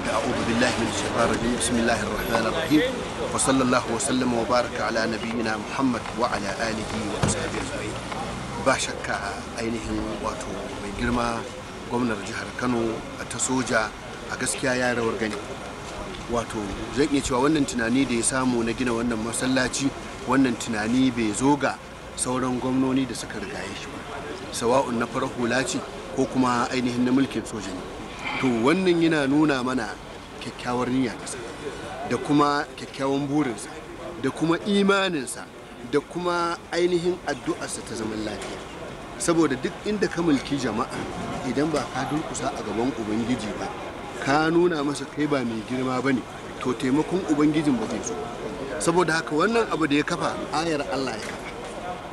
بعد أعوذ بالله من الشيطان الرجيم بسم الله الرحمن الرحيم وصلى الله وسلم وبارك على نبينا محمد وعلى آله وأصحابه أجمعين ba shakka ainihin wato mai girma gwamnar jihar kano ta soja a gaskiya ya rawar gani wato zan iya cewa wannan tunanin da ya samu na gina wannan masallaci wannan tunani bai zo ga sauran gwamnoni da suka rigaye shi ba sawa'un na farar hula ce ko kuma ainihin na mulkin soja ne to wannan yana nuna mana kyakkyawar niyya kasa da kuma kyakkyawan burinsa da kuma imaninsa da kuma ainihin addu'arsa ta zaman lafiya saboda duk inda ka mulki jama'a idan ba ka durkusa a gaban ubangiji ba ka nuna masa kai ba mai girma ba ne to taimakon ubangijin ba zai so saboda haka wannan abu da ya kafa ayar allah ya kafa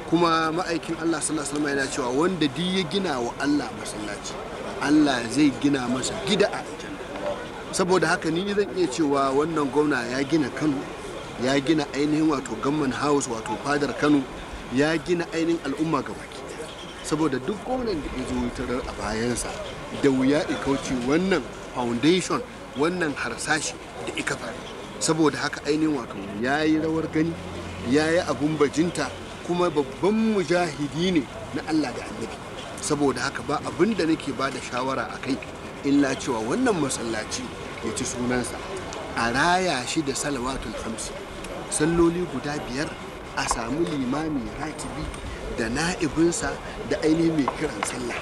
kuma ma'aikin allah sallallahu alaihi wasallam yana cewa wanda di ya gina wa allah masallaci Allah zai gina masa gida a saboda haka ni zan iya cewa wannan gwamna ya gina Kano ya gina ainihin wato gamman house wato fadar Kano ya gina ainihin al'umma ga baki saboda duk gwamnan da ya zo tarar a bayansa da wuya ya kauce wannan foundation wannan harsashi da ika fara saboda haka ainihin wato ya yi rawar gani ya yi abun bajinta kuma babban mujahidi ne na Allah da annabi saboda haka ba abin da nake ba da shawara a kai illa cewa wannan masallaci ya ci sunansa a raya shi da salawatul hamsi salloli guda biyar a samu limami ratibi da na'ibinsa da ainihin mai kiran sallah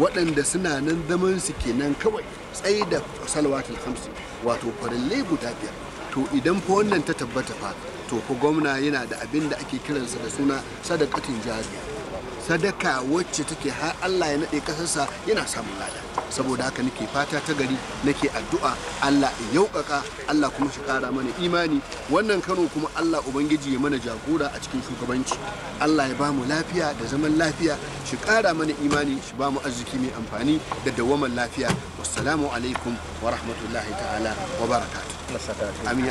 waɗanda suna nan zaman su kenan kawai tsaye da salawatul hamsi wato farille guda biyar to idan fa wannan ta tabbata fa to fa gwamna yana da abin da ake kiransa da suna sadakatin jariya sadaka wacce take har Allah ya naɗe ƙasarsa yana samun lada saboda haka nake fata ta gari nake addu'a Allah ya yaukaka Allah kuma shi ƙara mana imani wannan karo kuma Allah ubangiji ya mana jagora a cikin shugabanci Allah ya bamu lafiya da zaman lafiya shi ƙara mana imani shi bamu arziki mai amfani da dawaman lafiya wassalamu alaikum wa rahmatullahi ta'ala wa barakatuh